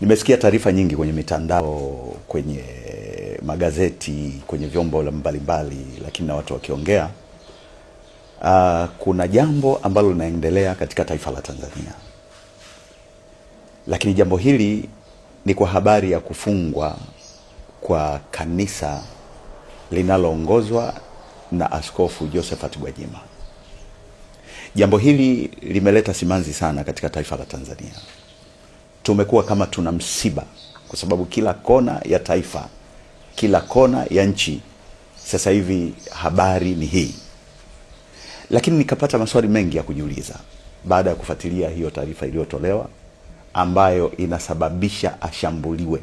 Nimesikia taarifa nyingi kwenye mitandao, kwenye magazeti, kwenye vyombo mbalimbali, lakini na watu wakiongea. Uh, kuna jambo ambalo linaendelea katika taifa la Tanzania, lakini jambo hili ni kwa habari ya kufungwa kwa kanisa linaloongozwa na Askofu Josephat Gwajima. Jambo hili limeleta simanzi sana katika taifa la Tanzania tumekuwa kama tuna msiba, kwa sababu kila kona ya taifa, kila kona ya nchi sasa hivi habari ni hii. Lakini nikapata maswali mengi ya kujiuliza baada ya kufuatilia hiyo taarifa iliyotolewa ambayo inasababisha ashambuliwe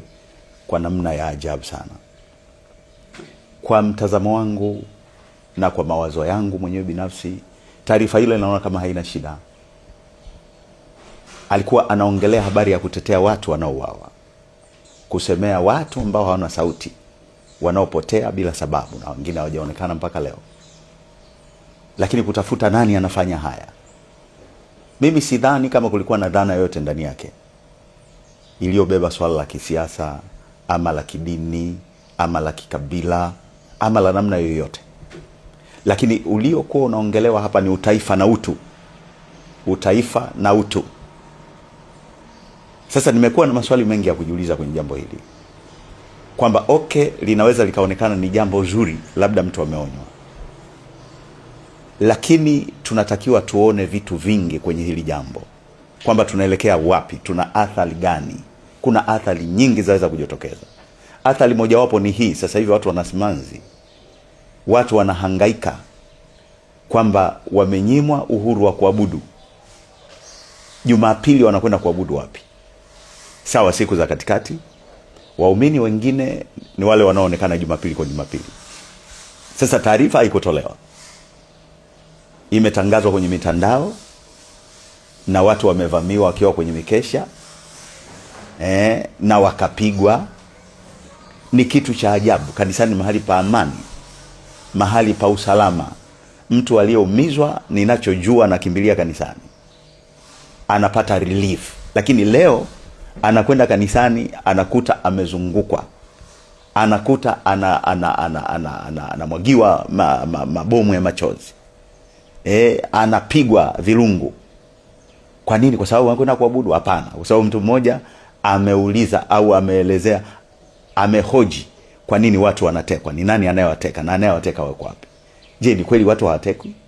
kwa namna ya ajabu sana. Kwa mtazamo wangu na kwa mawazo yangu mwenyewe binafsi, taarifa ile inaona kama haina shida alikuwa anaongelea habari ya kutetea watu wanaouawa, kusemea watu ambao hawana sauti, wanaopotea bila sababu na wengine hawajaonekana mpaka leo. Lakini kutafuta nani anafanya haya, mimi sidhani kama kulikuwa na dhana yoyote ndani yake iliyobeba swala la kisiasa ama la kidini ama la kikabila ama la namna yoyote, lakini uliokuwa unaongelewa hapa ni utaifa na utu, utaifa na utu. Sasa nimekuwa na maswali mengi ya kujiuliza kwenye jambo hili kwamba okay, linaweza likaonekana ni jambo zuri, labda mtu ameonywa, lakini tunatakiwa tuone vitu vingi kwenye hili jambo, kwamba tunaelekea wapi, tuna athari gani? Kuna athari nyingi zaweza kujitokeza. Athari mojawapo ni hii, sasa hivi watu wanasimanzi, watu wanahangaika kwamba wamenyimwa uhuru wa kuabudu. Jumapili wanakwenda kuabudu wapi? sawa siku za katikati. Waumini wengine ni wale wanaoonekana Jumapili kwa Jumapili. Sasa taarifa haikutolewa, imetangazwa kwenye mitandao na watu wamevamiwa wakiwa kwenye mikesha eh, na wakapigwa. Ni kitu cha ajabu. Kanisani mahali pa amani, mahali pa usalama. Mtu aliyeumizwa, ninachojua, nakimbilia kanisani, anapata relief. Lakini leo anakwenda kanisani, anakuta amezungukwa, anakuta anamwagiwa ana, ana, ana, ana, ana, ma, mabomu ya machozi e, anapigwa virungu. Kwa nini? Kwa sababu anakwenda kuabudu? Hapana, kwa sababu mtu mmoja ameuliza au ameelezea, amehoji kwa nini watu wanatekwa, ni nani anayewateka na anayewateka wako wapi? Je, ni kweli watu hawatekwi?